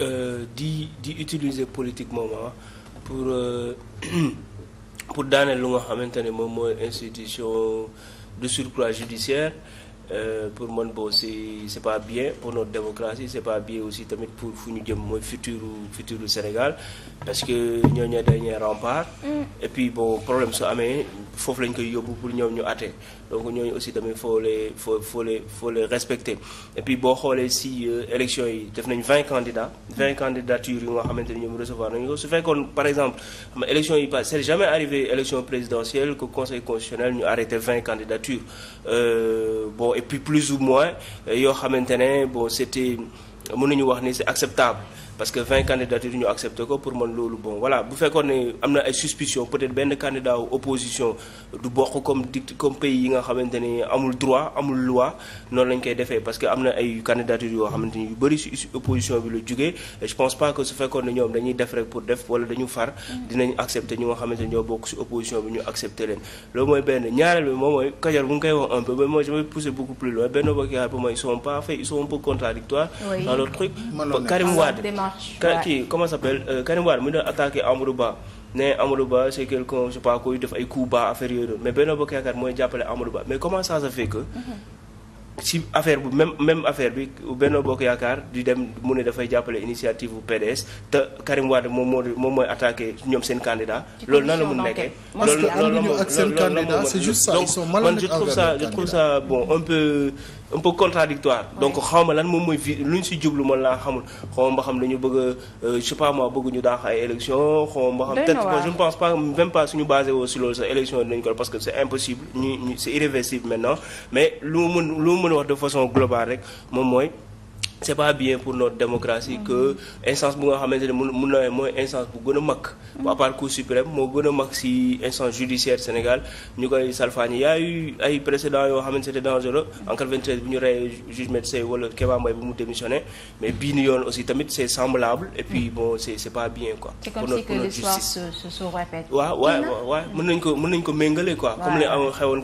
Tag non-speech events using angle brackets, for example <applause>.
Euh, di di utiliser politiquement pour euh, <clears throat> pour daaneel lu nga xamante ne moom mooy institution de surcroît judiciaire Euh, pour man boo c'est c'est pas bien pour notre démocratie c'est pas bien aussi tamit pour fu ñu jëm mooy futuru futuru Sénégal parce que ñoo ñoo dernier rempart mm. et puis bon problème su amee foofu lañ koy yóbbu pour ñoom ñu àtte donc ñooñu aussi tamit faut les faut faut les faut les respecter et puis boo xoolee si euh, élection yi def nañ vingt candidats mm. vingt candidatures yu nga xamante ni ñoom recevoir nañu ko su fekkoon par exemple xam élection yi pas c'est jamais arrivé élection présidentielle ñu arrêté vingt candidatures euh, et puis plus ou moins euh, yoo xamante ne bon c'était nañu wax ni c'est acceptable parce que vingt candidatures ñu accepté ko pour man loolu bon voilà bu fekkoon ne am na ay suspicion peut-être benn candidat opposition du bokk comme dict comme pays yi nga xamante ni amul droit amul loi noonu lañ koy defee parce que am na ay candidatures yoo xamante ni yu bëri opposition bi la jugee je pense pas que su fekkoon ne ñoom dañuy def rek pour def wala dañu far dinañ accepté ñi nga xamante ni ñoo bokk si opposition bi ñu accepté leen loolu mooy benn ñaareel bi moom mooy Kajoor bu ngi koy marche. Ka kii comment ça s'appelle euh, mu doon attaqué Amadou Ba ne Amadou Ba c'est quelqu'un je sais pas kuy def ay coups bas affaire yooyu mais Benno Bokk Yaakaar mooy jàppale Amadou Ba mais comment ça se fait si affaire bu même même affaire bi Benno Bokk Yaakaar di dem mu ne dafay jàppale initiative bu PDS te Karim Wade moom moo moom mooy attaqué ñoom seen candidat loolu nan la mun nekkee loolu loolu moom donc man je trouve ça je trouve ça bon un ma moom mooy vi lu ñu si jublu man laa xamul xaw xam dañu bëgg a euh, je sais pas moi bëgg ñu daax ay élection xaw ma xam peut-être je ne pense pas même pas que c'est impossible ñu c'est mën a wax de façon globale rek moom mooy c'est pas bien pour notre démocratie que instance bu nga xamante ne mun na mooy instance bu gën a mag mm-hmm. à part Cour suprême moo gën a mag si instance judiciaire Sénégal ñu koy salfaañi y a eu ay précédents yoo xamante c'était dangereux en 93 bu ñu rey juge Maître Sèye wala Kéba Mbaye bu mu démissionné mais bii ni yoon aussi tamit c'est semblable et puis mm-hmm. bon c'est c'est pas bien quoi pour notre justice waaw waaw nañ ko mën nañ ko méngale quoi comme li am xewoon